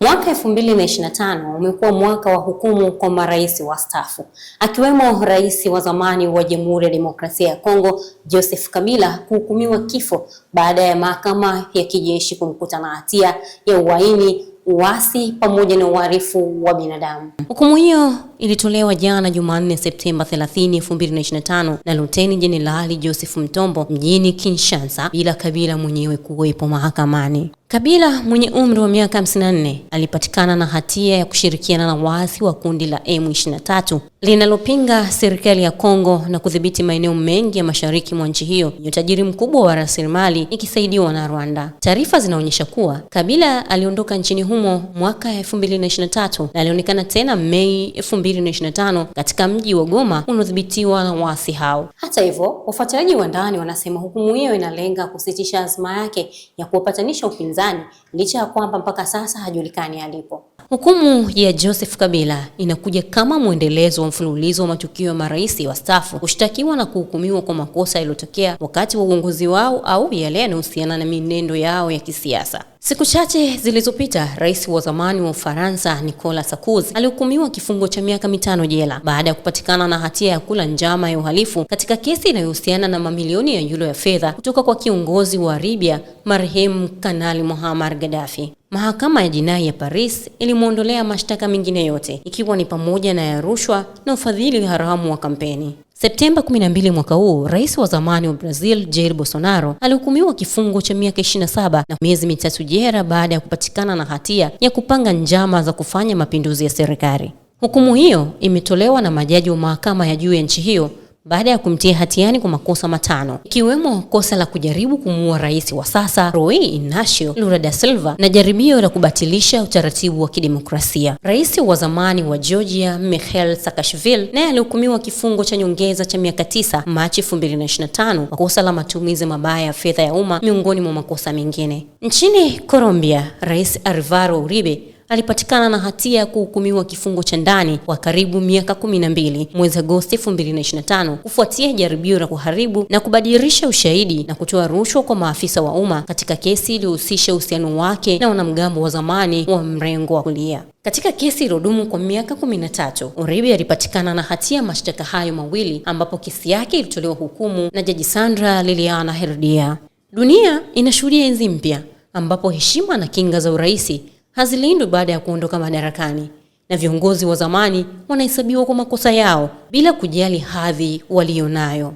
Mwaka 2025 umekuwa mwaka wa hukumu kwa marais wastaafu akiwemo rais wa zamani wa Jamhuri ya Demokrasia ya Kongo Joseph Kabila kuhukumiwa kifo baada ya mahakama ya kijeshi kumkuta na hatia ya uhaini, uasi pamoja na uhalifu wa binadamu. Hukumu hiyo ilitolewa jana Jumanne Septemba 30, 2025 na Luteni Jenerali Joseph Mtombo mjini Kinshasa bila Kabila mwenyewe kuwepo mahakamani. Kabila mwenye umri wa miaka 54 alipatikana na hatia ya kushirikiana na waasi wa kundi la M23 linalopinga serikali ya Kongo na kudhibiti maeneo mengi ya mashariki mwa nchi hiyo yenye utajiri mkubwa wa rasilimali ikisaidiwa na Rwanda. Taarifa zinaonyesha kuwa Kabila aliondoka nchini humo mwaka 2023 na alionekana tena Mei 2025 katika mji wa Goma unaodhibitiwa na waasi hao. Hata hivyo, wafuatiliaji wa ndani wanasema hukumu hiyo inalenga kusitisha azma yake ya kuwapatanisha upinzani upinzani licha ya kwamba mpaka sasa hajulikani alipo. Hukumu ya Joseph Kabila inakuja kama mwendelezo wa mfululizo wa matukio ya marais wastaafu kushtakiwa na kuhukumiwa kwa makosa yaliyotokea wakati wa uongozi wao au yale yanayohusiana na mienendo yao ya kisiasa. Siku chache zilizopita, rais wa zamani wa Ufaransa Nicolas Sarkozy alihukumiwa kifungo cha miaka mitano jela baada ya kupatikana na hatia ya kula njama ya uhalifu katika kesi inayohusiana na mamilioni ya yulo ya fedha kutoka kwa kiongozi wa Libya marehemu Kanali Muammar Gaddafi. Mahakama ya jinai ya Paris ilimwondolea mashtaka mengine yote ikiwa ni pamoja na ya rushwa na ufadhili haramu wa kampeni. Septemba 12 mwaka huu, rais wa zamani wa Brazil Jair Bolsonaro alihukumiwa kifungo cha miaka 27 na miezi mitatu jela baada ya kupatikana na hatia ya kupanga njama za kufanya mapinduzi ya serikali. Hukumu hiyo imetolewa na majaji wa mahakama ya juu ya nchi hiyo baada ya kumtia hatiani kwa makosa matano ikiwemo kosa la kujaribu kumuua rais wa sasa Rui Inacio Lula da Silva na jaribio la kubatilisha utaratibu wa kidemokrasia. Rais wa zamani wa Georgia Mikhail Saakashvili naye alihukumiwa kifungo cha nyongeza cha miaka tisa Machi 2025 kwa kosa la matumizi mabaya ya fedha ya umma miongoni mwa makosa mengine. Nchini Colombia, Rais Alvaro Uribe alipatikana na hatia ya kuhukumiwa kifungo cha ndani kwa karibu miaka 12 mwezi Agosti 2025 kufuatia jaribio la kuharibu na kubadilisha ushahidi na kutoa rushwa kwa maafisa wa umma katika kesi iliyohusisha uhusiano wake na wanamgambo wa zamani wa mrengo wa kulia. Katika kesi iliyodumu kwa miaka 13, Oribe alipatikana na hatia ya mashtaka hayo mawili ambapo kesi yake ilitolewa hukumu na Jaji Sandra Liliana Herdia. Dunia inashuhudia enzi mpya ambapo heshima na kinga za uraisi hazilindwi baada ya kuondoka madarakani na viongozi wa zamani wanahesabiwa kwa makosa yao bila kujali hadhi walionayo.